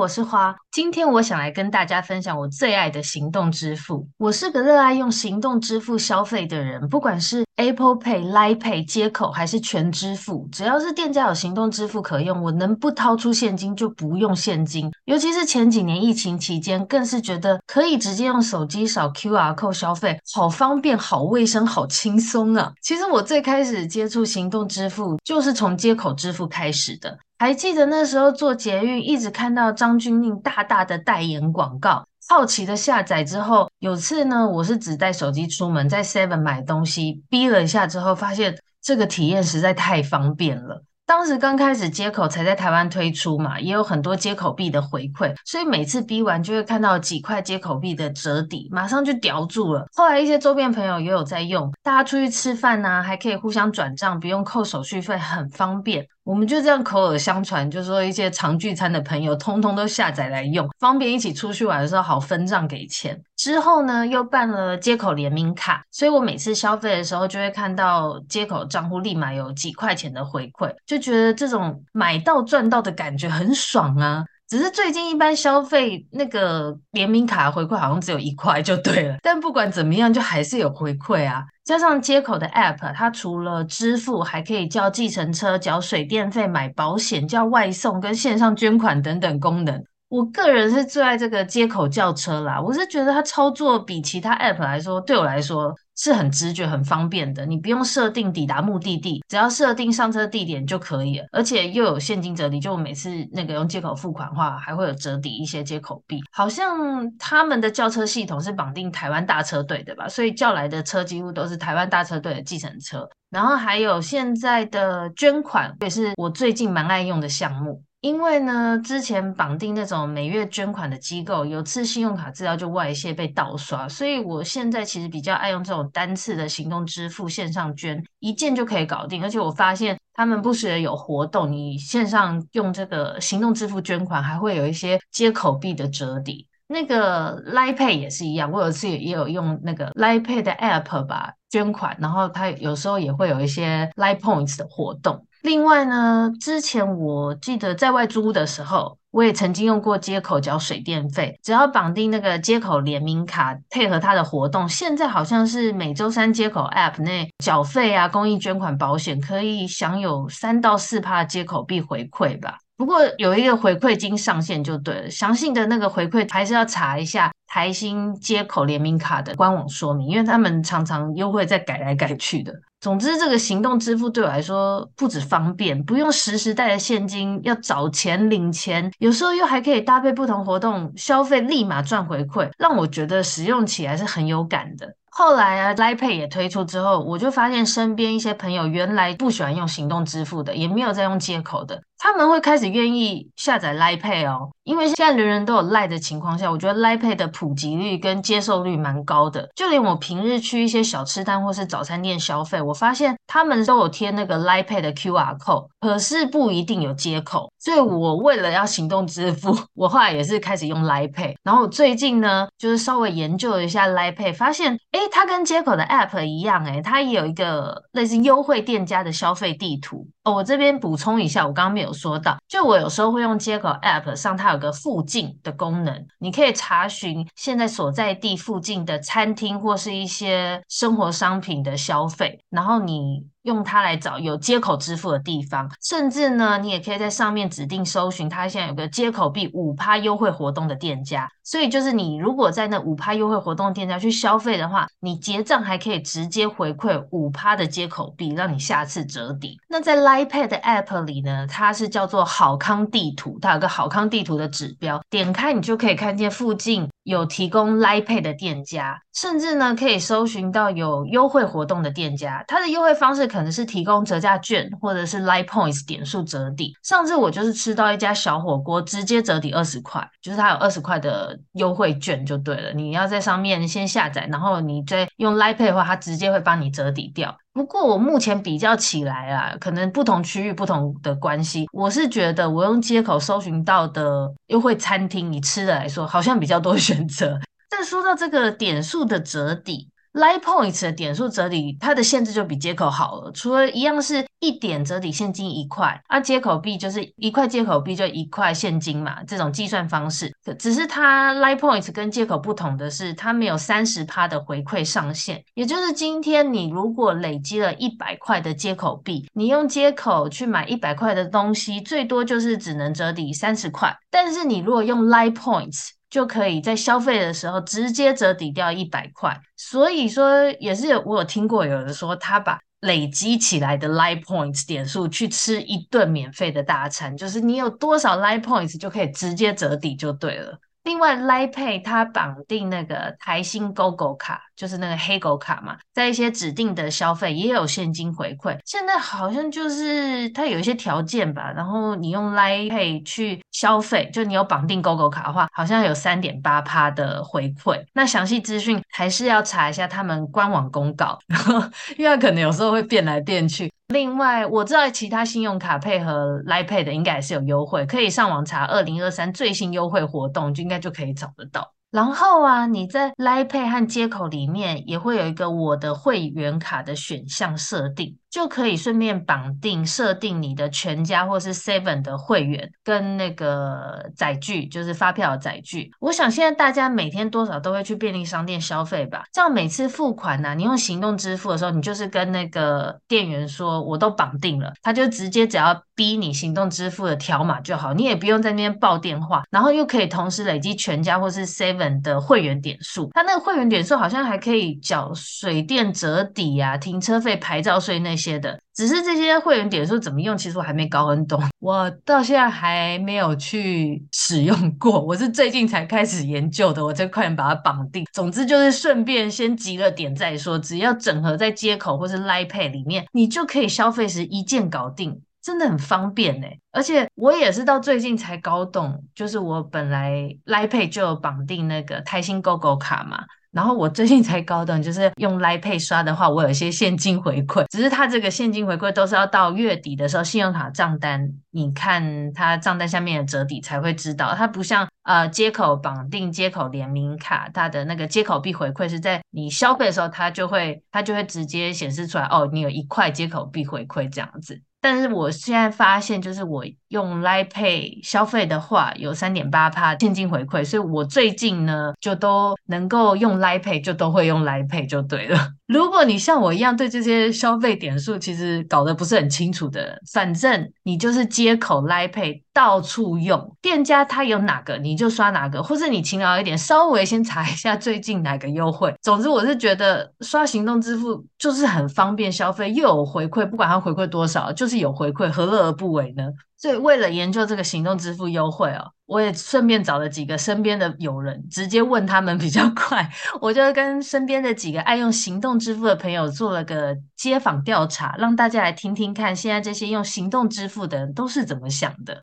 我是花，今天我想來跟大家分享我最愛的行動支付。我是個熱愛用行動支付消費的人，不管是 Apple Pay、LINE Pay、街口，還是全支付，只要是店家有行動支付可用，我能不掏出現金就不用現金。尤其是前幾年疫情期間，更是覺得可以直接用手機掃 QR code 消費，好方便、好衛生、好輕鬆啊！其實我最開始接觸行動支付，就是從街口支付開始的。還記得那時候坐捷運，一直看到張鈞甯大大的代言廣告，好奇的下載之後，有次呢，我是只帶手機出門，在 Seven 買東西，逼了一下之後，發現這個體驗實在太方便了。當時剛開始街口才在台灣推出嘛，也有很多街口幣的回饋，所以每次逼完就會看到幾塊街口幣的折抵，馬上就叼住了。後來一些周邊朋友也有在用，大家出去吃飯呢、啊，還可以互相轉賬，不用扣手續費，很方便。我們就這樣口耳相傳，就是說一些常聚餐的朋友，通通都下載來用，方便一起出去玩的時候好分賬給錢。之後呢，又辦了街口聯名卡，所以我每次消費的時候就會看到街口賬戶立馬有幾塊錢的回饋，就覺得這種買到賺到的感覺很爽啊。只是最近一般消費那個聯名卡的回饋好像只有一塊就對了，但不管怎麼樣，就還是有回饋啊。加上街口的 App，它除了支付，還可以叫計程車、繳水電費、買保險、叫外送、跟線上捐款等等功能。我個人是最愛這個街口叫車啦，我是覺得它操作比其他 app 來說，對我來說是很直覺、很方便的。你不用設定抵達目的地，只要設定上車地點就可以了。而且又有現金折抵，就我每次那個用街口付款的話，還會有折抵一些街口幣。好像他們的叫車系統是綁定台灣大車隊的吧，所以叫來的車幾乎都是台灣大車隊的計程車。然後還有現在的捐款，也是我最近蠻愛用的項目。因為呢，之前綁定那種每月捐款的機構，有次信用卡資料就外洩被盜刷，所以我現在其實比較愛用這種單次的行動支付線上捐，一鍵就可以搞定。而且我發現他們不時也有活動，你線上用這個行動支付捐款，還會有一些街口幣的折抵。那個 LINE Pay 也是一樣，我有次也有用那個 LINE Pay 的 App 吧捐款，然後它有時候也會有一些 LINE Points 的活動。另外呢，之前我記得在外租屋的時候，我也曾經用過街口繳水電費，只要綁定那個街口聯名卡，配合它的活動，現在好像是每周三街口 App 內繳費啊，公益捐款保、保險可以享有三到四趴的街口幣回饋吧。不過有一個回饋金上限就對了，詳細的那個回饋還是要查一下。台新街口聯名卡的官網說明，因為他們常常優惠在改來改去的。總之，這個行動支付對我來說不止方便，不用時時帶着現金要找錢、領錢，有時候又還可以搭配不同活動消費，立馬賺回饋，讓我覺得使用起來是很有感的。後來啊 LINE Pay 也推出之後，我就發現身邊一些朋友原來不喜歡用行動支付的，也沒有在用街口的。他們會開始願意下載 LINE Pay 哦，因為現在人人都有賴的情況下，我覺得 LINE Pay 的普及率跟接受率蠻高的。就連我平日去一些小吃攤或是早餐店消費，我發現他們都有貼那個 LINE Pay 的 QR code，可是不一定有街口。所以我為了要行動支付，我後來也是開始用 LINE Pay。然後我最近呢，就是稍微研究了一下 LINE Pay，發現誒，它跟街口的 app 一樣，誒，它也有一個類似優惠店家的消費地圖。哦，我這邊補充一下，我剛剛沒有。說到，就我有時候會用街口 App 上，它有個附近的功能，你可以查詢現在所在地附近的餐廳或是一些生活商品的消費，然後你。用它來找有街口支付的地方，甚至呢，你也可以在上面指定搜尋。它現在有個街口幣五趴優惠活動的店家，所以就是你如果在那五趴優惠活動店家去消費的話，你結賬還可以直接回饋五趴的街口幣，讓你下次折抵。那在 LINE Pay 的 App 裡呢，它是叫做好康地圖，它有個好康地圖的指標，點開你就可以看見附近。有提供 LINE Pay 的店家，甚至呢，可以搜尋到有優惠活動的店家，它的優惠方式可能是提供折價券，或者是 LINE Points 點數折抵。上次我就是吃到一家小火鍋，直接折抵二十塊，就是它有二十塊的優惠券就對了。你要在上面先下載，然後你再用 LINE Pay 的話，它直接會幫你折抵掉。不過我目前比較起來啊，可能不同區域不同的關係，我是覺得我用街口搜尋到的，優惠餐廳以吃的來說，好像比較多選擇。但說到這個點數的折抵。LINE Points 的點數折抵，它的限制就比街口好了。除了一樣是一點折抵現金一塊，而、啊、街口幣就是一塊街口幣就一塊現金嘛，這種計算方式。只是它 LINE Points 跟街口不同的是，它沒有三十趴的回饋上限。也就是今天你如果累積了一百塊的街口幣，你用街口去買一百塊的東西，最多就是只能折抵三十塊。但是你如果用 LINE Points，就可以在消費的時候直接折抵掉一百塊，所以說也是有我有聽過，有人說他把累積起來的 LINE POINTS 點數去吃一頓免費的大餐，就是你有多少 LINE POINTS 就可以直接折抵就對了。另外，LINE Pay 它綁定那個台新 GoGo 卡，就是那個黑狗卡嘛，在一些指定的消費也有現金回饋。現在好像就是它有一些條件吧，然後你用 LINE Pay 去消費，就你有綁定 GoGo 卡的話，好像有三點八趴的回饋。那詳細資訊還是要查一下他們官網公告，然後因為可能有時候會變來變去。另外，我知道其他信用卡配合 LINE Pay 的，應該也是有優惠，可以上網查2023最新優惠活動，就應該就可以找得到。然後啊，你在 LINE Pay 和街口裡面也會有一個我的會員卡的選項設定，就可以順便綁定設定你的全家或是 Seven 的會員跟那個載具，就是發票載具。我想現在大家每天多少都會去便利商店消費吧？這樣每次付款啊，你用行動支付的時候，你就是跟那個店員說我都綁定了，他就直接只要逼你行動支付的條碼就好，你也不用在那邊報電話，然後又可以同時累積全家或是 Seven 的會員點數。他那個會員點數好像還可以繳水電折抵啊、停車費、牌照稅那些。些的，只是這些會員點數怎麼用，其實我還沒搞很懂，我到現在還沒有去使用過，我是最近才開始研究的，我再快點把它綁定。總之就是順便先集了點再說，只要整合在街口或是 LINE Pay 裡面，你就可以消費時一鍵搞定，真的很方便哎。而且我也是到最近才搞懂，就是我本來 LINE Pay 就有綁定那個台新 GoGo 卡嘛。然後我最近才搞懂，就是用 LINE Pay 刷的話，我有些現金回饋，只是它這個現金回饋都是要到月底的時候，信用卡賬單，你看它賬單下面的折抵才會知道。它不像呃街口綁定街口聯名卡，它的那個街口幣回饋是在你消費的時候，它就會它就會直接顯示出來，哦，你有一塊街口幣回饋這樣子。但是我現在發現，就是我用 LINE Pay 消費的話有，有三點八趴現金回饋，所以我最近呢就都能夠用 LINE Pay，就都會用 LINE Pay 就對了。如果你像我一樣對這些消費點數其實搞得不是很清楚的，反正你就是街口、LINE Pay，到處用，店家他有哪個你就刷哪個，或是你勤勞一點，稍微先查一下最近哪個優惠。總之，我是覺得刷行動支付就是很方便消費，又有回饋，不管它回饋多少，就是有回饋，何樂而不為呢？所以為了研究這個行動支付優惠哦，我也順便找了幾個身邊的友人，直接問他們比較快。我就跟身邊的幾個愛用行動支付的朋友做了個街訪調查，讓大家來聽聽看，現在這些用行動支付的人都是怎麼想的。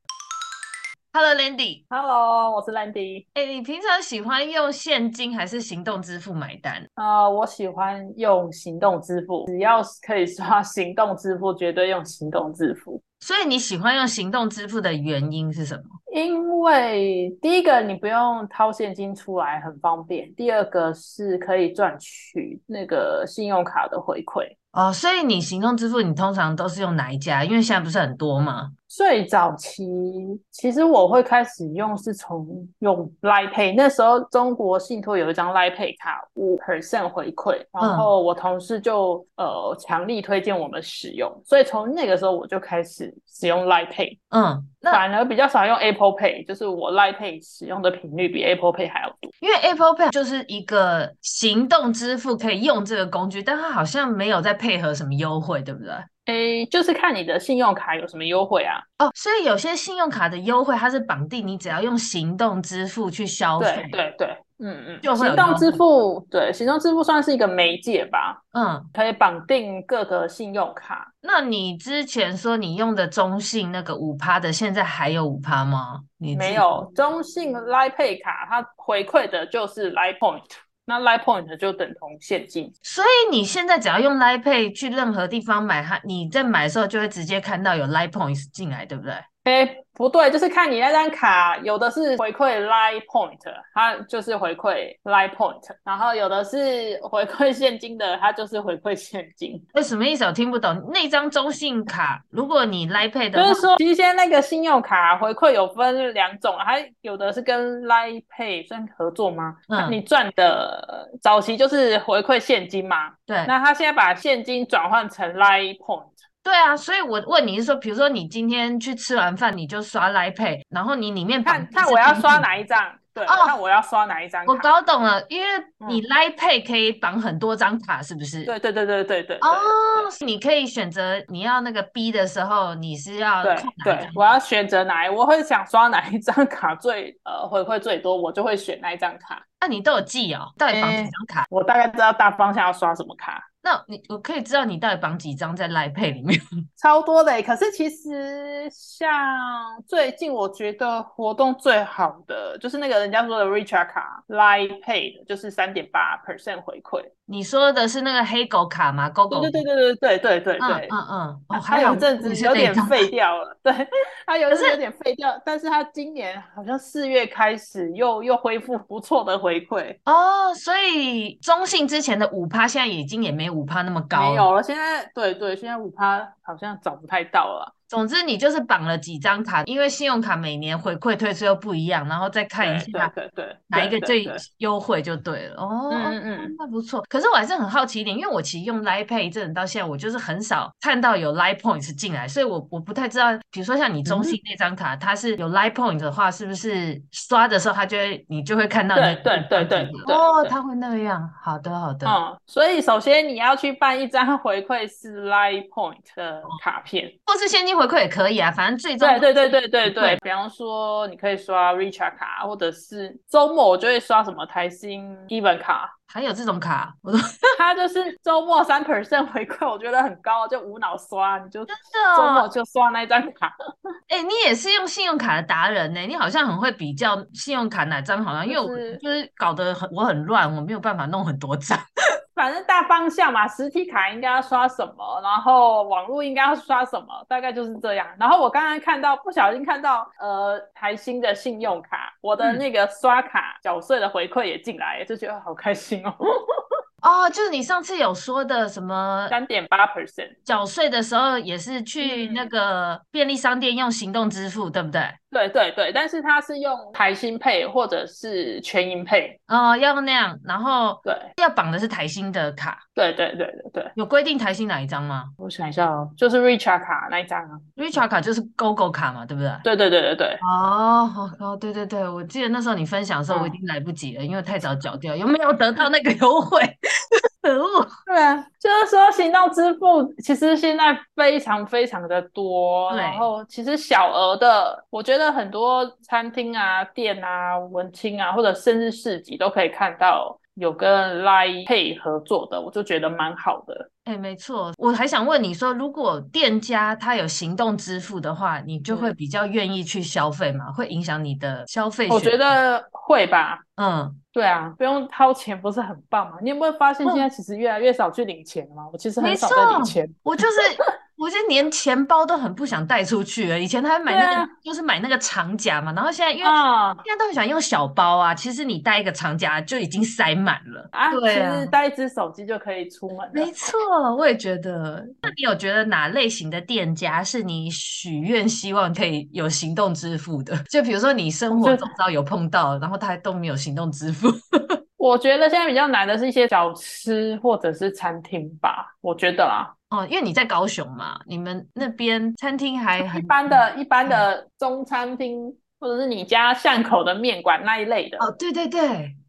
Hello，Landy。Hello，我是 Landy。哎、欸，你平常喜歡用現金還是行動支付買單？啊，uh, 我喜歡用行動支付，只要是可以刷行動支付，絕對用行動支付。所以你喜歡用行動支付的原因是什麼？因為第一個，你不用掏現金出來，很方便；第二個是可以賺取那個信用卡的回饋哦。所以你行動支付，你通常都是用哪一家？因為現在不是很多嗎？最早期其實我會開始用是從用 LINE Pay，那時候中國信託有一張 LINE Pay 卡5，五 percent 回饋，然後我同事就、嗯、呃強力推薦我們使用，所以從那個時候我就開始使用 LINE Pay。嗯，那反而比較少用 Apple Pay，就是我 LINE Pay 使用的頻率比 Apple Pay 還要多，因為 Apple Pay 就是一個行動支付可以用這個工具，但它好像沒有再配合什麼優惠，對不對？哎，就是看你的信用卡有什麼優惠啊。哦，所以有些信用卡的優惠它是綁定你，只要用行動支付去消費，對對對，對對嗯嗯，就行動支付，對行動支付算是一個媒介吧，嗯，可以綁定各個信用卡。那你之前說你用的中信那個五趴的，現在還有五趴嗎？你沒有，中信 LINE Pay 卡它回饋的就是 LINE Point。那 LINE Points 就等同現金，所以你現在只要用 LINE Pay 去任何地方買，它你在買的時候就會直接看到有 LINE Points 進來，對不對？哎、欸，不對，就是看你那張卡，有的是回饋 LINE Points，它就是回饋 LINE Points，然後有的是回饋現金的，它就是回饋現金。什麼意思？我聽不懂。那張中信卡，如果你 LINE Pay 的話，就是說，其實現在那個信用卡回饋有分兩種，還有的是跟 LINE Pay 算合作嗎？那、嗯啊、你賺的早期就是回饋現金嘛？對。那他現在把現金轉換成 LINE Points。對啊，所以我問你是說，比如說你今天去吃完飯，你就刷 LINE Pay，然後你裡面看，看我要刷哪一張？對，那、哦、我要刷哪一張？我搞懂了，因為你 LINE Pay 可以綁很多張卡，是不是？嗯、對對對對對對，對。哦，對對對對，你可以選擇你要那個 B 的時候，你是要對對，我要選擇哪一？一我會想刷哪一張卡最呃，回饋最多，我就會選哪一張卡。那你都有記哦，到底綁幾張卡、欸？我大概知道大方向要刷什麼卡。那你我可以知道你到底綁幾張在 LINE Pay 裡面？超多的、欸。可是其實像最近我覺得活動最好的就是那個人家說的 Richard 卡 LINE Pay 的，就是三點八 percent 回饋。你說的是那個黑狗卡嗎？狗狗對對對對對對對對對，嗯嗯哦，還有一陣子有點廢掉了，對，它有一陣子有點廢掉，但是它今年好像四月開始又又恢復不錯的回饋哦，所以中信之前的五趴現在已經也沒五趴那麼高，沒有了，現在對對，現在五趴好像找不太到了。總之你就是綁了幾張卡，因為信用卡每年回饋退稅又不一樣，然後再看一下哪一個最優惠就對了。對對對對哦，嗯嗯，那不錯。嗯、可是我還是很好奇一點，因為我其實用 LINE Pay 這種到現在，我就是很少看到有 LINE Points 進來，所以我我不太知道，比如說像你中信那張卡，嗯、它是有 LINE Point 的話，是不是刷的時候它就會你就會看到那對對對對,對,對,對,對哦，它會那樣。好的好的。哦，所以首先你要去辦一張回饋是 LINE Point 的卡片、哦，或是現金。回饋也可以啊，反正最終對，對對對對對對，對，比方說你可以刷 Richard 卡，或者是週末我就會刷什麼台新基本卡。還有這種卡，我 他就是周末三 percent 回饋，我覺得很高，就無腦刷，你就周末就刷那一張卡。哎、 欸，你也是用信用卡的達人呢，欸，你好像很會比較信用卡哪張好像，因為、就是、就是搞得很我很亂，我沒有辦法弄很多張， 反正大方向嘛，實體卡應該要刷什麼，然後網絡應該要刷什麼，大概就是這樣。然後我剛剛看到不小心看到呃台新的信用卡，我的那個刷卡繳稅、嗯、的回饋也進來，就覺得好開心。哦， oh, 就是你上次有說的什麼三點八 percent 繳稅的時候，也是去那個便利商店用行動支付， 對不對？對對對，但是它是用台新配或者是全銀配哦，要那樣，然後對，要綁的是台新的卡，對對對對對。有規定台新哪一張嗎？我想一下哦，就是 Richart 卡那一張啊，Richart 卡就是 GoGo 卡嘛，對不對？對對對對對。哦哦，對對對，我記得那時候你分享的時候我已經來不及了，對因為太早繳掉，有沒有得到那個優惠？ 可惡！對啊，就是說，行動支付其實現在非常非常的多，嗯、然後其實小額的，我覺得很多餐廳啊、店啊、文青啊，或者甚至市集都可以看到。有跟 LINE Pay 合作的，我就覺得蠻好的。哎、欸，沒錯，我還想問你說，如果店家他有行動支付的話，你就會比較願意去消費嗎？會影響你的消費？我覺得會吧。嗯，對啊，不用掏錢，不是很棒嗎？你有沒有發現現在其實越來越少去領錢了嗎？嗯、我其實很少在領錢，沒錯，我就是。 我現在連錢包都很不想帶出去了，欸。以前他還買那個，啊、就是買那個長夾嘛，然後現在因為、uh, 現在都很想用小包啊。其實你帶一個長夾就已經塞滿了啊。對啊，其實帶一支手機就可以出門了。沒錯，我也覺得。那你有覺得哪類型的店家是你許願希望可以有行動支付的？就比如說你生活中知道有碰到，然後他還都沒有行動支付。 我覺得現在比較難的是一些小吃或者是餐廳吧，我覺得啦，啊。哦，因為你在高雄嘛，你們那邊餐廳還很一般的一般的中餐廳，哎、或者是你家巷口的麵館那一類的。哦，對對對，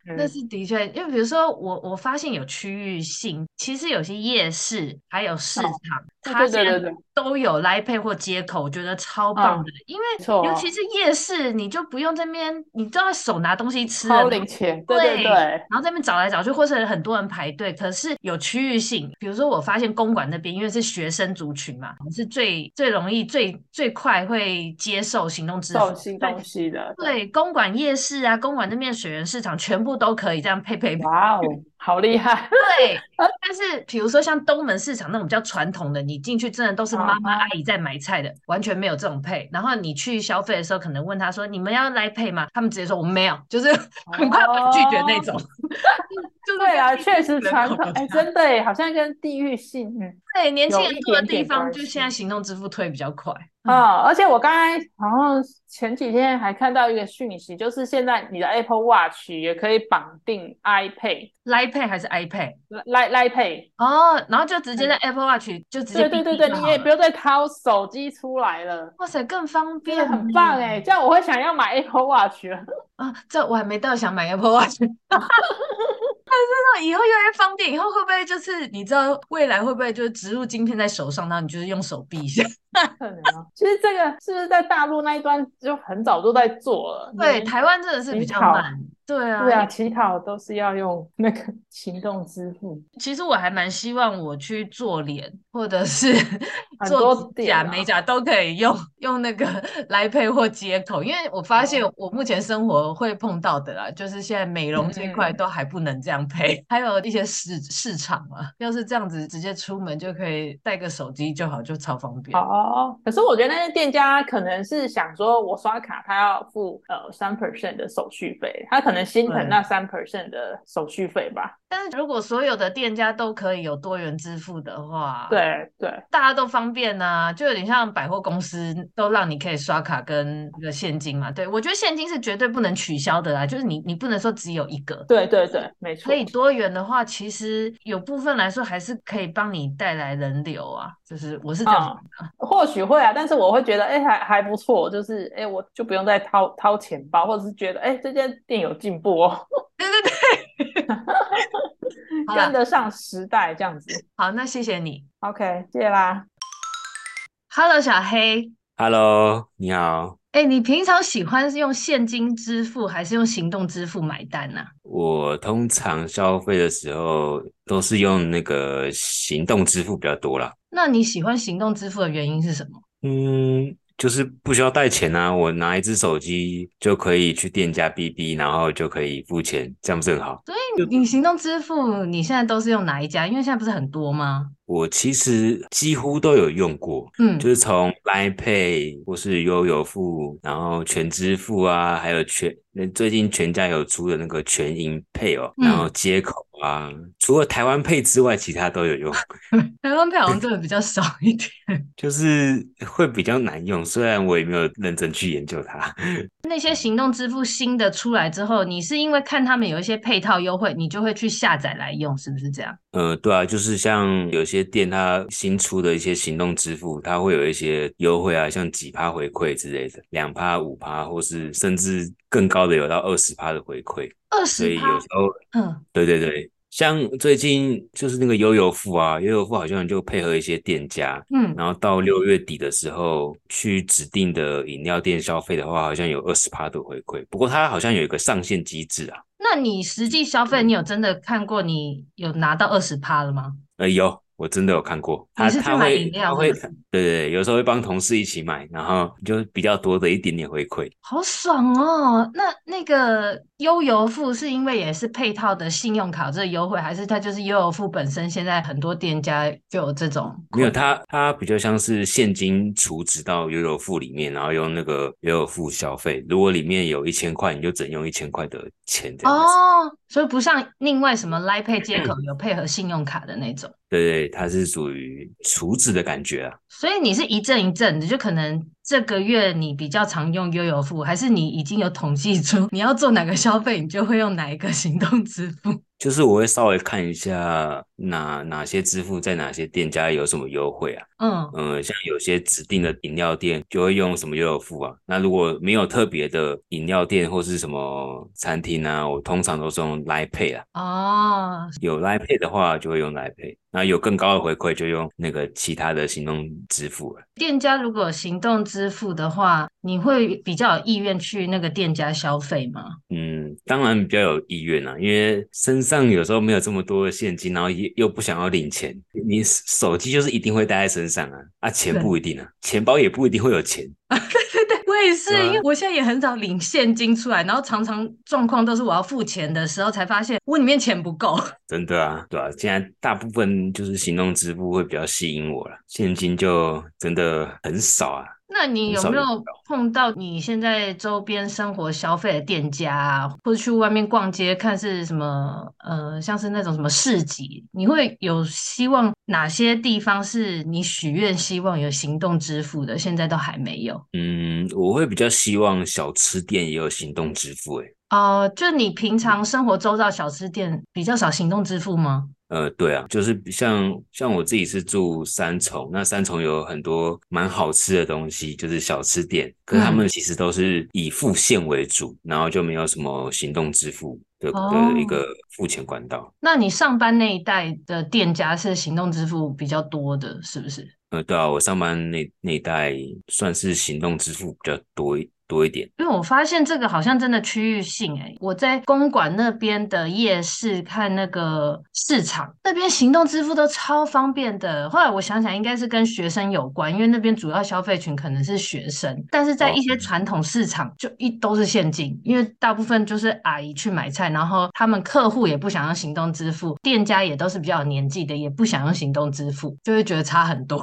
嗯、那是的確，因為比如說我我發現有區域性，其實有些夜市還有市場。哦它現在都有 LINE Pay 或街口。對對對對，我覺得超棒的，啊、因為尤其是夜市，嗯、你就不用這邊，你知道手拿東西吃，零錢，對，對對對，然後這邊找來找去，或者是很多人排隊，可是有區域性，比如說我發現公館那邊，因為是學生族群嘛，是最最容易、最最快會接受行動支付新東西的，對,對,對，公館夜市啊，公館那邊水源市場全部都可以這樣配配,配，哇哦。好厲害，對。 但是，比如說像東門市場那種比較傳統的，你進去真的都是媽媽阿姨在買菜的，完全沒有這種 Pay。然後你去消費的時候，可能問他說：“你們要來 Pay 嗎？”他們直接說：“我們沒有。”就是很快會拒絕那種。哦對啊，確實傳統，哎，真的，好像跟地域性，對，年輕人住的地方，就現在行動支付推比較快啊。而且我剛才好像前幾天還看到一個訊息，就是現在你的 Apple Watch 也可以綁定 iPay，LINE Pay 還是 iPay，Li LINE Pay，哦，然後就直接在 Apple Watch 就直接，對對對，你也不用再掏手機出來了。哇塞，更方便，很棒哎！這樣我會想要買 Apple Watch 了。啊，這我還沒到想買 Apple Watch，但是說以後越來越方便，以後會不會就是你知道未來會不會就是植入晶片在手上，然後你就是用手臂一下？可能、啊。 其實這個是不是在大陸那一端就很早都在做了？對，你台灣真的是比較慢。對啊，討對啊，乞討都是要用那個行動支付。其實我還蠻希望我去做臉。或者是做臉美甲，啊、都可以用用那個 LINE Pay 或街口，因為我發現我目前生活會碰到的啦，嗯、就是現在美容這一塊都還不能這樣配，嗯、還有一些市市場啊，要是這樣子直接出門就可以帶個手機就好，就超方便。哦，哦，哦，可是我覺得那些店家可能是想說我刷卡，他要付呃三 percent 的手續費，他可能心疼那三 percent 的手續費吧。對但是如果所有的店家都可以有多元支付的話，對。對對，大家都方便啊，就有點像百貨公司，都讓你可以刷卡跟那個現金嘛。對，我覺得現金是絕對不能取消的啦，就是你你不能說只有一個。對對對，沒錯。所以多元的話，其實有部分來說還是可以幫你帶來人流啊，就是我是這樣、嗯、或許會啊，但是我會覺得，哎，還還不錯，就是哎，我就不用再掏掏錢包，或者是覺得，哎，這間店有進步哦。對對對。 跟得上時代這樣子，好，好，那謝謝你，OK，謝謝啦。Hello，小黑。Hello，你好。哎、欸，你平常喜歡是用現金支付還是用行動支付買單呢、啊？我通常消費的時候都是用那個行動支付比較多啦。那你喜歡行動支付的原因是什麼？嗯。就是不需要帶錢啊，我拿一隻手機就可以去店家嗶嗶然後就可以付錢，這樣不是很好？所以你行動支付你現在都是用哪一家？因為現在不是很多嗎？我其實幾乎都有用過，嗯，就是從 LINE Pay 或是悠遊付，然後全支付啊，還有全最近全家有出的那個全盈 Pay 哦，然後接口。嗯啊、嗯，除了台灣 Pay 之外，其他都有用。 台灣 Pay 好像做的比較少一點，就是會比較難用。雖然我也沒有認真去研究它。那些行動支付新的出來之後，你是因為看他們有一些配套優惠，你就會去下載來用，是不是這樣？嗯、呃，對啊，就是像有些店它新出的一些行動支付，它會有一些優惠啊，像幾趴回饋之類的，兩趴、五趴，或是甚至更高的，有到二十趴的回饋。二十，所以有時候，嗯，對對對。像最近就是那個悠遊付啊，悠遊付好像就配合一些店家，嗯，然後到六月底的時候去指定的飲料店消費的話，好像有二十趴的回饋。不過它好像有一個上限機制啊。那你實際消費，你有真的看過，你有拿到二十趴了嗎？哎、嗯呃，有，我真的有看過。你是去買飲料？對對對，對有時候會幫同事一起買，然後就比較多的一點點回饋，好爽哦！那那個悠遊付是因為也是配套的信用卡這個優惠，還是它就是悠遊付本身？現在很多店家就有這種？沒有，它，它比較像是現金儲值到悠遊付裡面，然後用那個悠遊付消費，如果裡面有一千塊，你就只用一千塊的錢哦，所以不像另外什麼 LINE Pay 街口有配合信用卡的那種，對對，它是屬於儲值的感覺啊，所以。所以你是一陣一陣的，就可能。這個月你比較常用悠遊付，還是你已經有統計出你要做哪個消費，你就會用哪一個行動支付？就是我會稍微看一下哪哪些支付在哪些店家有什麼優惠啊。嗯，嗯，像有些指定的飲料店就會用什麼悠遊付啊。那如果沒有特別的飲料店或是什麼餐廳啊，我通常都是用 LINE Pay 啊。哦，有 LINE Pay 的話就會用 LINE Pay，那有更高的回饋就用那個其他的行動支付了啊。店家如果行動支付支付的話，你會比較有意願去那個店家消費嗎？嗯，當然比較有意願啦、啊，因為身上有時候沒有這麼多的現金，然後又又不想要領錢，你手機就是一定會帶在身上啊，啊，錢不一定啊，對錢包也不一定會有錢啊。對對對，我也是，是吧因為我現在也很少領現金出來，然後常常狀況都是我要付錢的時候才發現我裡面錢不夠。真的啊，對啊，現在大部分就是行動支付會比較吸引我了，現金就真的很少啊。那你有沒有碰到你現在周邊生活消費的店家啊，或者去外面逛街看是什麼？呃，像是那種什麼市集，你會有希望哪些地方是你許願希望有行動支付的？現在都還沒有。嗯，我會比較希望小吃店也有行動支付，欸。哦，uh, 就你平常生活周遭，小吃店比較少行動支付嗎？呃，對啊，就是像像我自己是住三重，那三重有很多蠻好吃的東西，就是小吃店，可是他們其實都是以付現為主，嗯、然後就沒有什麼行動支付的,、oh. 的一個付錢管道。那你上班那一帶的店家是行動支付比較多的，是不是？呃，對啊，我上班那那一帶算是行動支付比較多多一點，因為我發現這個好像真的區域性哎、欸，我在公館那邊的夜市看那個市場，那邊行動支付都超方便的。後來我想想，應該是跟學生有關，因為那邊主要消費群可能是學生。但是在一些傳統市場，就一都是現金，因為大部分就是阿姨去買菜，然後他們客戶也不想用行動支付，店家也都是比較年紀的，也不想用行動支付，就會覺得差很多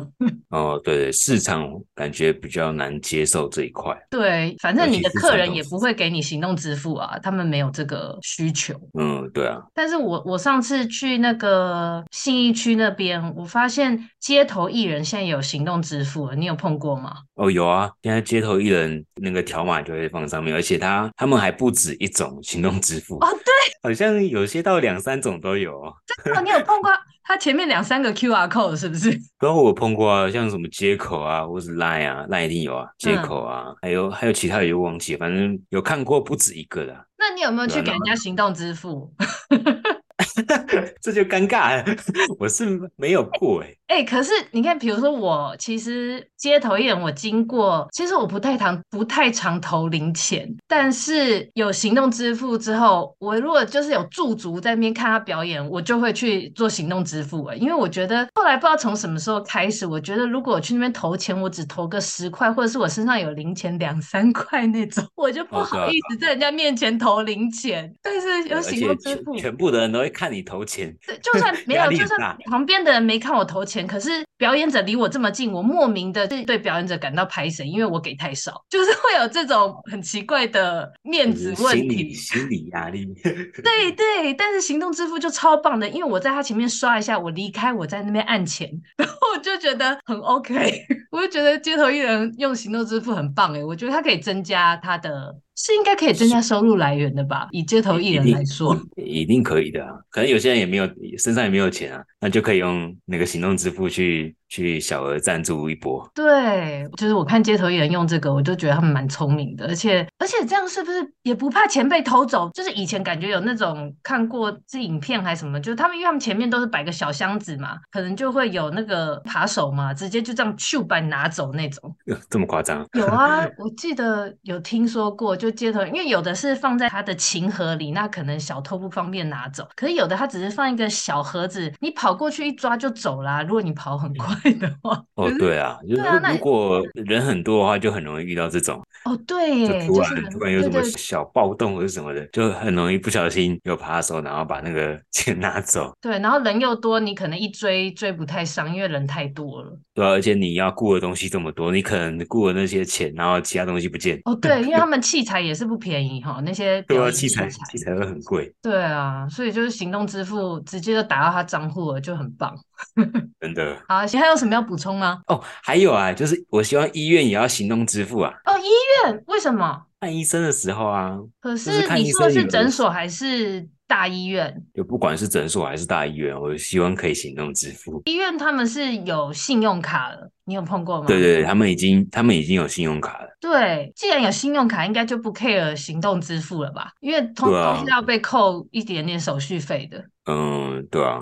哦。哦，對，市場感覺比較難接受這一塊，對。反正你的客人也不會給你行動支付啊，他們沒有這個需求。嗯，對啊。但是我我上次去那個信義區那邊，我發現街頭藝人現在有行動支付了，你有碰過嗎？哦，有啊，現在街頭藝人那個條碼就會放上面，而且他他們還不止一種行動支付哦，對，好像有些到兩三種都有。真的哦，你有碰過、啊、 他前面兩三個 QR code 是不是？然後我碰過啊，像什麼街口啊，或是 Line 啊，Line 一定有啊，街口啊，還有、嗯、還有。還有其。其他也忘記，反正有看過不止一個啦，那你有沒有去給人家行動支付？ 這就尷尷尬了， 我是沒有過哎、欸欸。哎、欸，可是你看，比如說我其實街頭藝人我經過，其實我不太常不太常投零錢，但是有行動支付之後，我如果就是有駐足在那邊看他表演，我就會去做行動支付哎、欸，因為我覺得後來不知道從什麼時候開始，我覺得如果我去那邊投錢，我只投個十塊，或者是我身上有零錢兩三塊那種，我就不好意思在人家面前投零錢。哦、但是有行動支付，全， 全部的人都。會看你投錢，對，就算沒有， 就算旁邊的人沒看我投錢，可是，表演者離我這麼近，我莫名的是對表演者感到拍神，因為我給太少，就是會有這種很奇怪的面子問題。心理壓力。啊、 對對，但是行動支付就超棒的，因為我在他前面刷一下，我離開，我在那邊按錢，然後我就覺得很 OK，、欸、我就覺得街頭藝人用行動支付很棒誒，我覺得他可以增加他的，是應該可以增加收入來源的吧？是以街頭藝人來說、欸一欸，一定可以的、啊，可能有些人也沒有身上也沒有錢啊，那就可以用那個行動支付去。去小額贊助一波，對，就是我看街頭藝人用這個，我就覺得他們蠻聰明的，而且而且這樣是不是也不怕錢被偷走？就是以前感覺有那種看過這影片還是什麼，就是他們因為他們前面都是擺個小箱子嘛，可能就會有那個扒手嘛，直接就這樣咻把拿走那種。有這麼誇張？ 有啊，我記得有聽說過，就街頭因為有的是放在他的琴盒裡，那可能小偷不方便拿走，可是有的他只是放一個小盒子，你跑過去一抓就走啦。如果你跑很。快的話哦，對啊，就是如果人很多的話，就很容易遇到這種哦，對，就突然就突然有什麼小暴動或者什麼的，對對對，就很容易不小心有扒手，然後把那個錢拿走。對，然後人又多，你可能一追追不太上，因為人太多了。對、啊，而且你要顧的東西這麼多，你可能顧了那些錢，然後其他東西不見。哦，對，又因為他們器材也是不便宜哈、哦，那些要、啊、器材器材很貴。對啊，所以就是行動支付直接就打到他賬戶了，就很棒。真的，好，行，還有什麼要補充嗎？哦，還有啊，就是我希望醫院也要行動支付啊。哦，醫院為什麼看醫生的時候啊？可是，是你說是診所還是大醫院？就不管是診所還是大醫院，我希望可以行動支付。醫院他們是有信用卡的。你有碰過嗎？對對，他們已經他們已經有信用卡了。對，既然有信用卡，應該就不 care 行動支付了吧？因為通常是、啊、要被扣一點點手續費的。嗯，對啊，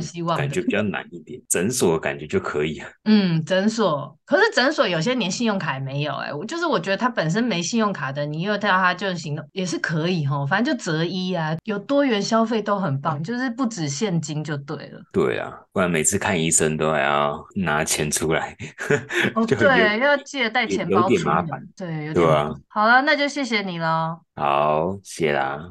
希望這就感覺比較難一點。 診所的感覺就可以。嗯，診所，可是診所有些連信用卡也沒有哎、欸。我就是我覺得他本身沒信用卡的，你又到他就行動也是可以吼，反正就擇一啊，有多元消費都很棒，嗯、就是不止現金就對了。對啊，不然每次看醫生都還要拿錢出來。 oh, 對，要記得帶錢包出門，有點麻煩。對，有點麻煩。對，對啊。好了，那就謝謝你了。好，謝，謝啦。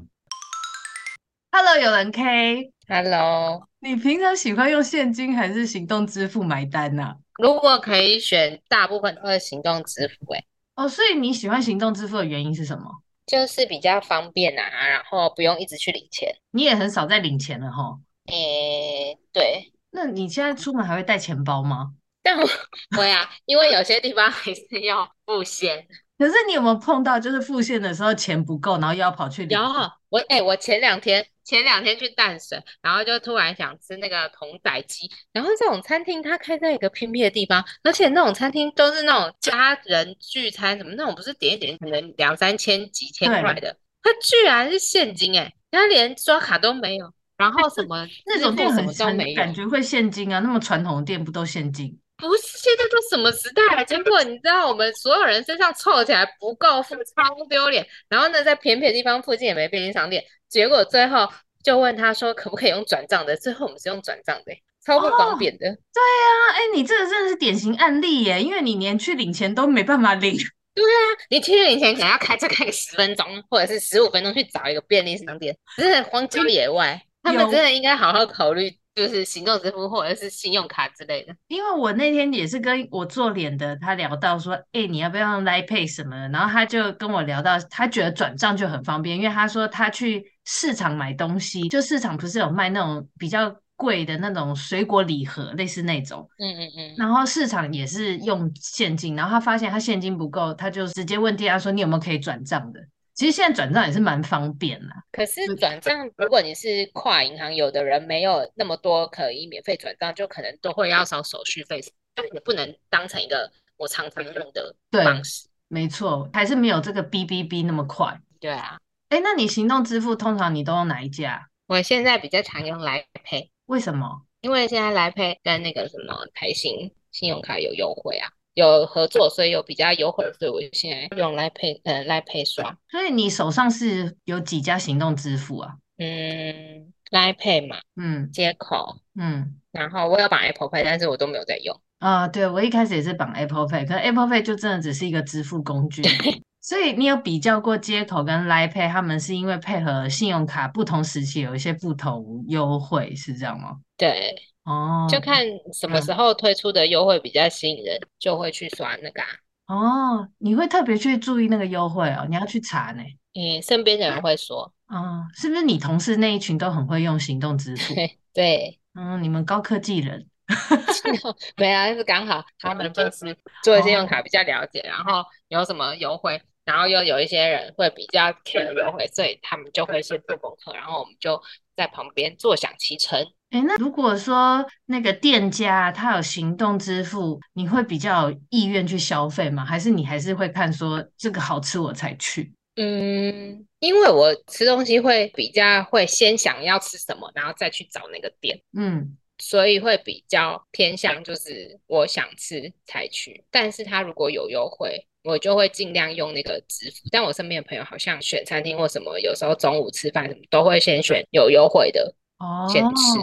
Hello，有人 K？Hello，你平常喜歡用現金還是行動支付買單呢、啊？如果可以選，大部分都會行動支付、欸。哎，哦，所以你喜歡行動支付的原因是什麼？就是比較方便啊，然後不用一直去領錢。你也很少在領錢了，哈。誒，對。那你現在出門還會帶錢包嗎？ 但我我呀，因為有些地方還是要付現。 可是你有沒有碰到，就是付現的時候錢不夠，然後又要跑去？有我哎、欸，我前兩天前兩天去淡水，然後就突然想吃那個桶仔雞，然後這種餐廳它開在一個偏僻的地方，而且那種餐廳都是那種家人聚餐什麼那種，不是點一點可能兩三千幾千塊的，對它居然是現金哎、欸，它連刷卡都沒有，然後什麼那種店什麼都沒有。 都感覺會現金啊，那麼傳統的店不都現金？不是，現在都什麼時代了？結果你知道，我們所有人身上湊起來不夠付，超丟臉。然後呢，在偏僻地方附近也沒便利商店，結果最後就問他說可不可以用轉賬的。最後我們是用轉賬的，超不方便的。哦、對呀、啊，哎、欸，你這個真的是典型案例耶，因為你連去領錢都沒辦法領。對啊，你去領錢，可能要開車開個十分鐘或者是十五分鐘去找一個便利商店，真的荒郊野外。有他們真的應該好好考慮。就是行動支付或者是信用卡之類的，因為我那天也是跟我做臉的，他聊到說，哎、欸，你要不要來 pay 什麼？然後他就跟我聊到，他覺得轉賬就很方便，因為他說他去市場買東西，就市場不是有賣那種比較貴的那種水果禮盒，類似那種，嗯嗯嗯，然後市場也是用現金，然後他發現他現金不夠，他就直接問店家說，你有沒有可以轉賬的？其實現在轉賬也是蠻方便的，啊，可是轉賬如果你是跨銀行，有的人沒有那麼多可以免費轉賬，就可能都會要收手續費，就也不能當成一個我常常用的方式。對，沒錯，還是沒有這個 B B B 那麼快。對啊，誒，那你行動支付通常你都用哪一家？我現在比較常用 LINE Pay。為什麼？因為現在 LINE Pay 跟那個什麼台新信用卡有優惠啊。有合作，所以有比較優惠，所以我現在用 LINE Pay，呃，LINE Pay 刷。所以你手上是有幾家行動支付啊？嗯，LINE Pay 嘛，嗯，街口，嗯，然後我要綁 Apple Pay，但是我都沒有在用。啊，對，我一開始也是綁 Apple Pay，可是 Apple Pay 就真的只是一個支付工具。所以你有比較過街口跟 LINE Pay，他們是因為配合信用卡不同時期有一些不同優惠，是這樣嗎？對，哦，就看什麼時候推出的優惠比較吸引人，就會去刷那個、啊。哦，你會特別去注意那個優惠哦，你要去查呢。嗯，身邊的人會說。啊、哦，是不是你同事那一群都很會用行動支付？ 對嗯，你們高科技人。 沒有、啊，就是剛好他們就是做信用卡比較了解，哦、然後有什麼優惠。然後又有一些人會比較 care 優惠，所以他們就會先做功課，然後我們就在旁邊坐享其成。誒，那如果說那個店家他有行動支付，你會比較有意願去消費嗎？還是你還是會看說這個好吃我才去？嗯，因為我吃東西會比較會先想要吃什麼，然後再去找那個店。嗯，所以會比較偏向就是我想吃才去，但是他如果有優惠。我就會盡量用那個支付，但我身邊的朋友好像選餐廳或什麼，有時候中午吃飯什麼都會先選有優惠的哦，先吃。Oh, 是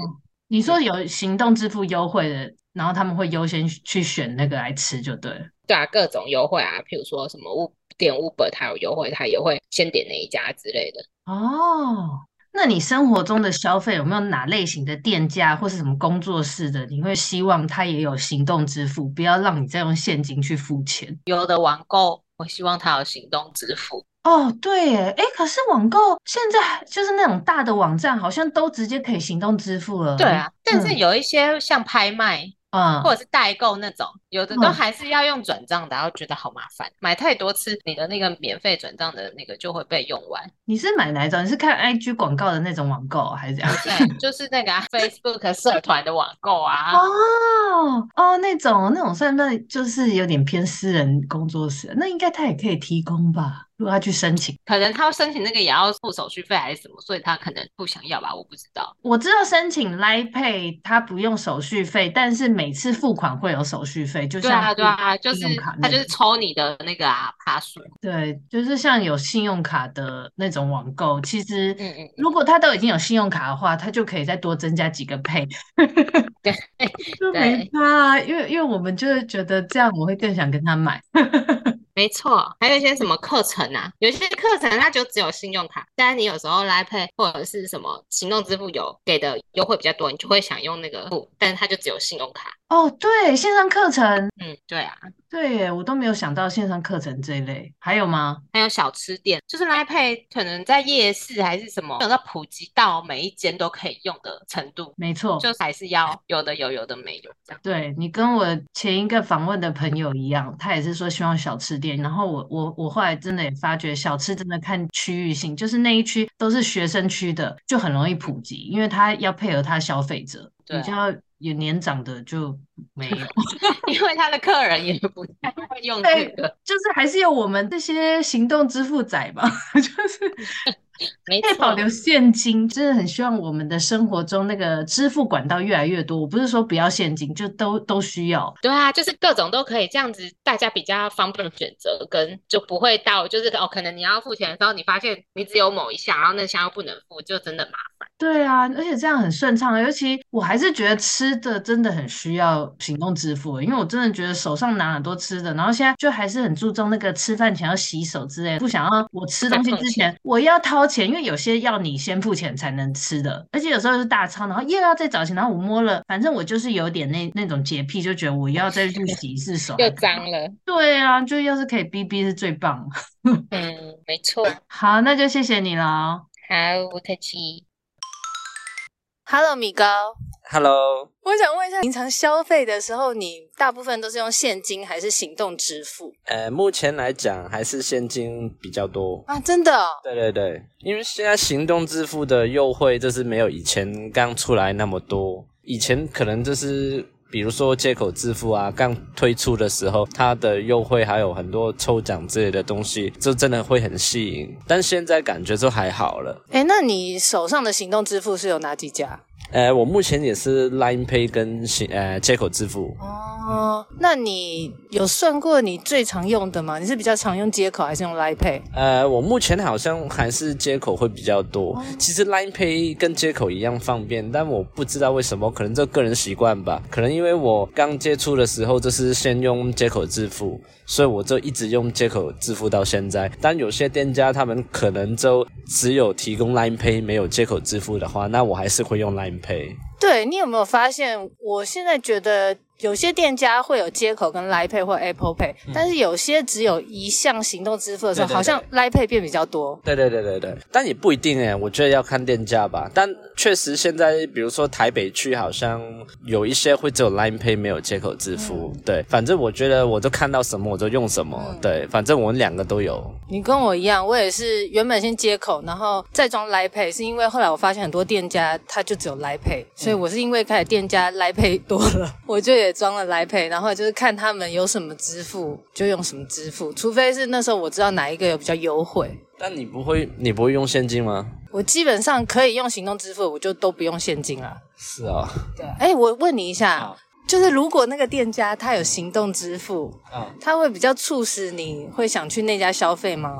你說有行動支付優惠的，然後他們會優先去選那個來吃，就對了。對啊，各種優惠啊，譬如說什麼點 Uber 它有優惠，它也會先點那一家之類的哦。Oh. 那你生活中的消費有沒有哪類型的店家或是什麼工作室的，你會希望他也有行動支付，不要讓你再用現金去付錢？有的網購，我希望他有行動支付。哦，對耶，哎、欸，可是網購現在就是那種大的網站，好像都直接可以行動支付了。對啊，但是有一些像拍賣，嗯，或者是代購那種。有的都還是要用轉賬的，嗯、然後覺得好麻煩。買太多次，你的那個免費轉賬的那個就會被用完。你是買哪種？你是看 IG 廣告的那種網購還是怎樣？對，就是那個 Facebook 社團的網購啊。哦哦，那種那種算不算就是有點偏私人工作室？那應該他也可以提供吧？如果他去申請，可能他申請那個也要付手續費還是什麼，所以他可能不想要吧？我不知道。我知道申請 LINE Pay 他不用手續費，但是每次付款會有手續費。對，對啊，對啊，就是他就是抽你的那個啊，趴數。對，就是像有信用卡的那種網購，其實，如果他都已經有信用卡的話，他就可以再多增加幾個 Pay。 對， 就沒差、啊、對因為因為我們就是覺得這樣我會更想跟他買。 沒錯，還有一些什麼課程啊，有一些課程它就只有信用卡，但是你有時候拉 p a 或者是什麼行動支付有給的優惠比較多，你就會想用那個，但是它就只有信用卡。哦，對，線上課程，嗯，對啊，對耶，我都沒有想到線上課程這一類，還有嗎？還有小吃店，就是拉 p a 可能在夜市還是什麼，到普及到每一間都可以用的程度。沒錯錯，就還是要有的有，有的沒有這樣。對，你跟我前一個訪問的朋友一樣，他也是說希望小吃店。然後我我我後來真的也發覺，小吃真的看區域性，就是那一區都是學生區的，就很容易普及，因為他要配合他消費者，對比較有年長的就沒有，因為他的客人也不太會用那個，就是還是有我們這些行動支付仔吧， 就是。 可以保留現金，真的很希望我們的生活中那個支付管道越來越多。我不是說不要現金，就都都需要。對啊，就是各種都可以這樣子，大家比較方便的選擇，跟就不會到就是哦，可能你要付錢的時候，你發現你只有某一項，然後那項又不能付，就真的麻煩。對啊，而且這樣很順暢啊。尤其我還是覺得吃的真的很需要行動支付，因為我真的覺得手上拿很多吃的，然後現在就還是很注重那個吃飯前要洗手之類的，不想要我吃東西之前，前我要掏錢，因為有些要你先付錢才能吃的，而且有時候是大鈔，然後又要再找錢，然後我摸了，反正我就是有點那那種潔癖，就覺得我要再去洗一次手， 又髒了。對啊，就要是可以逼逼是最棒。 嗯，沒錯。好，那就謝謝你了。好，不客氣。Hello，米高。Hello，我想問一下，平常消費的時候，你大部分都是用現金還是行動支付？呃，目前來講還是現金比較多。啊，真的哦？對對對，因為現在行動支付的優惠就是沒有以前剛出來那麼多，以前可能就是。比如說，街口支付啊，剛推出的時候，它的優惠還有很多抽獎之類的東西，就真的會很吸引。但現在感覺就還好了。哎，那你手上的行動支付是有哪幾家？呃，我目前也是 Line Pay 跟呃街口支付。哦，那你有算過你最常用的嗎？你是比較常用街口還是用 Line Pay？呃，我目前好像還是街口會比較多。哦、其實 Line Pay 跟街口一樣方便，但我不知道為什麼，可能就個人習慣吧。可能因為我剛接觸的時候，就是先用街口支付，所以我就一直用街口支付到現在。但有些店家他們可能就只有提供 Line Pay，沒有街口支付的話，那我還是會用 Line Pay。對，你有沒有發現？我現在覺得。有些店家會有街口跟 Line Pay 或 Apple Pay，嗯、但是有些只有一項行動支付的時候，對對對，好像 Line Pay 變比較多。對對對對對，但也不一定哎、欸，我覺得要看店家吧。但確實現在，比如說台北區，好像有一些會只有 Line Pay 沒有街口支付。嗯、對，反正我覺得我都看到什麼我都用什麼。嗯、對，反正我們兩個都有。你跟我一樣，我也是原本先街口，然後再裝 Line Pay，是因為後來我發現很多店家它就只有 Line Pay，所以我是因為開始店家 Line Pay 多了，嗯、 我就也。裝了 LINE Pay，然後就是看他們有什麼支付，就用什麼支付，除非是那時候我知道哪一個有比較優惠。但你不會，你不會用現金嗎？我基本上可以用行動支付，我就都不用現金了。是啊、喔，對。哎、欸，我問你一下，就是如果那個店家他有行動支付，嗯、他會比較促使你會想去那家消費嗎？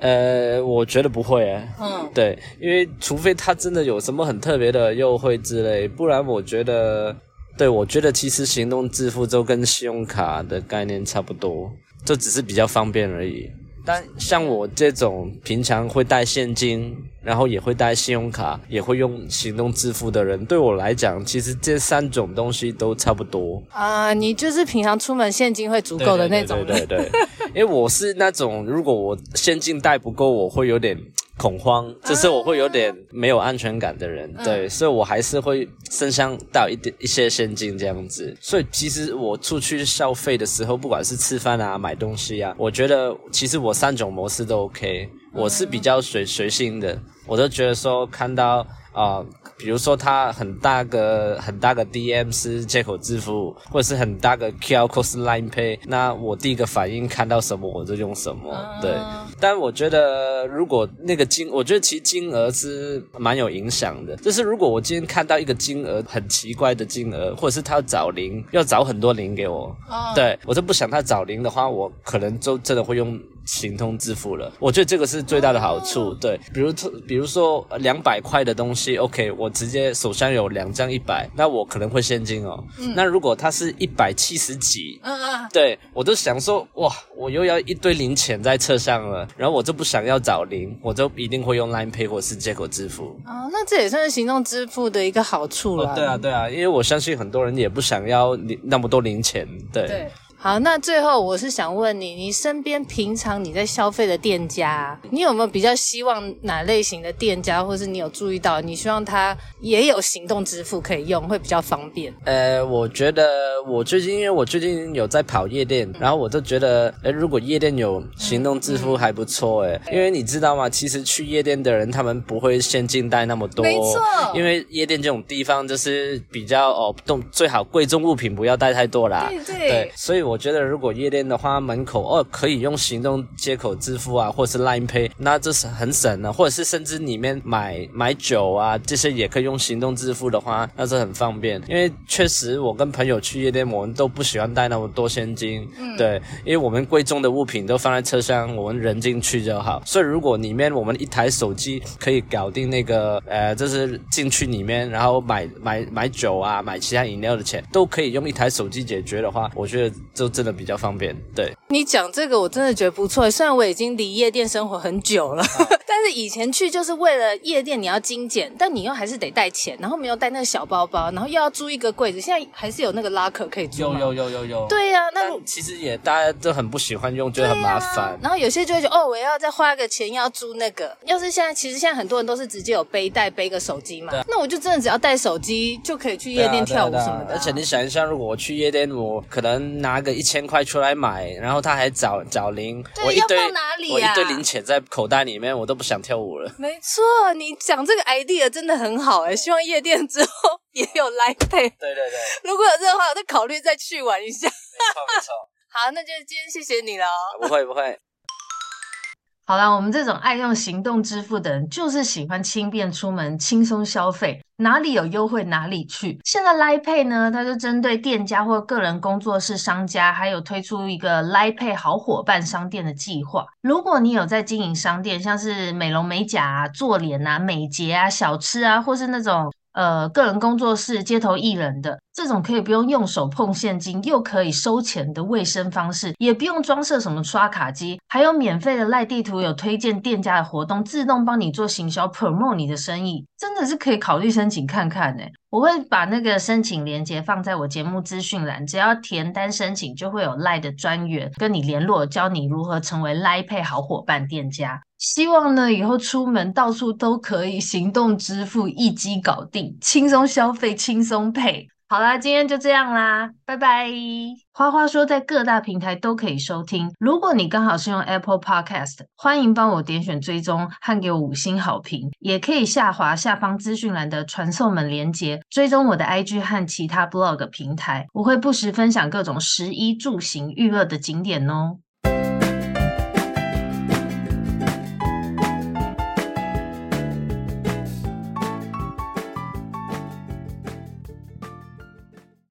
呃，我覺得不會、欸。嗯，對，因為除非他真的有什麼很特別的優惠之類，不然我覺得。對，我覺得其實行動支付就跟信用卡的概念差不多，就只是比較方便而已。但像我這種平常會帶現金，然後也會帶信用卡，也會用行動支付的人，對我來講，其實這三種東西都差不多啊、呃。你就是平常出門現金會足夠的那種。對對對，對對對，因為我是那種如果我現金帶不夠，我會有點。恐慌，這是我會有點沒有安全感的人，對，嗯、所以我還是會身上帶一點一些現金這樣子。所以其實我出去消費的時候，不管是吃飯啊、買東西啊，我覺得其實我三種模式都 OK。我是比較隨隨性的，我都覺得說看到。啊、哦，比如說他很大個很大個 DMC 街口支付，或者是很大個 QR Code LINE Pay，那我第一個反應看到什麼我就用什麼。啊、對，但我覺得如果那個金，我覺得其實金額是蠻有影響的。就是如果我今天看到一個金額很奇怪的金額，或者是他找零要找很多零給我，啊、對我就不想他找零的話，我可能就真的會用行動支付了。我覺得這個是最大的好處。啊、對，比如比如說兩百塊的東西。是 OK，我直接手上有兩張一百，那我可能會現金哦。嗯、那如果它是一百七十幾，啊、對我就想說哇，我又要一堆零錢在車上了，然後我就不想要找零，我就一定會用 LINE Pay 或是街口支付。哦、啊，那這也算是行動支付的一個好處了、啊哦。對啊，對啊，因為我相信很多人也不想要那麼多零錢，對。對好，那最後我是想問你，你身邊平常你在消費的店家，你有沒有比較希望哪類型的店家，或是你有注意到，你希望他也有行動支付可以用，會比較方便？呃，欸，我覺得我最近，因為我最近有在跑夜店，然後我就覺得，哎，欸，如果夜店有行動支付還不錯欸，哎，嗯，嗯，因為你知道嗎？其實去夜店的人，他們不會現金帶那麼多，沒錯，因為夜店這種地方就是比較哦，動最好貴重物品不要帶太多啦，對，對，對，所以。我覺得，如果夜店的話，門口哦可以用行動接口支付啊，或者是 Line Pay，那這是很省的。或者是甚至裡面買買酒啊，這些也可以用行動支付的話，那是很方便。因為確實，我跟朋友去夜店，我們都不喜歡帶那麼多現金。嗯。對，因為我們貴重的物品都放在車廂，我們人進去就好。所以，如果裡面我們一台手機可以搞定那個，呃，就是進去裡面，然後買買買酒啊，買其他飲料的錢，都可以用一台手機解決的話，我覺得。就真的比較方便，對。你講這個我真的覺得不錯。雖然我已經離夜店生活很久了，oh. 但是以前去就是為了夜店，你要精簡，但你又還是得帶錢，然後沒有帶那個小包包，然後又要租一個櫃子。現在還是有那個拉克、er、可以租。有有有有有。對呀、啊，那其實也大家都很不喜歡用，覺得很麻煩、啊。然後有些就會覺得哦，我要再花個錢要租那個。要是現在，其實現在很多人都是直接有背帶背個手機嘛。啊、那我就真的只要帶手機就可以去夜店跳舞什麼的、啊啊啊啊。而且你想一下，如果我去夜店，我可能拿個。一千塊出來買，然後他還找找零，對我一堆要放哪裡，啊、我一堆零錢在口袋裡面，我都不想跳舞了。沒錯，你講這個 idea 真的很好哎，欸，對希望夜店之後也有來配。對對對，如果有這個話，我再考慮再去玩一下。沒錯沒錯。好，那就今天謝謝你了，喔啊。不會不會。好了，我們這種愛用行動支付的人，就是喜歡輕便出門、輕鬆消費，哪裡有優惠哪裡去。現在 LINE Pay 呢，它是針對店家或個人工作室商家，還有推出一個 LINE Pay 好夥伴商店的計劃。如果你有在經營商店，像是美容美甲啊、做臉啊、美睫啊、小吃啊，或是那種。呃，個人工作室、街頭藝人的這種可以不用用手碰現金，又可以收錢的衛生方式，也不用裝設什麼刷卡機，還有免費的 LINE 地圖有推薦店家的活動，自動幫你做行銷、promote 你的生意，真的是可以考慮申請看看呢、欸。我會把那個申請連結放在我節目資訊欄，只要填單申請，就會有 LINE 的專員跟你聯絡，教你如何成為 LINE Pay 好夥伴店家。希望呢，以後出門到處都可以行動支付，一機搞定，輕鬆消費，輕鬆配。好啦，今天就這樣啦，拜拜。花花說在各大平台都可以收聽。如果你剛好是用 Apple Podcast，歡迎幫我點選追蹤和給我五星好評。也可以下滑下方資訊欄的傳送門連結，追蹤我的 IG 和其他 Blog 平台。我會不時分享各種食衣住行娛樂的景點哦。